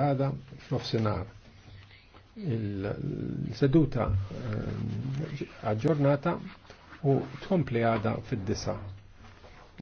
għada f'nofsinar. Il-seduta għadġornata eh, u tkompli għada fid-disa.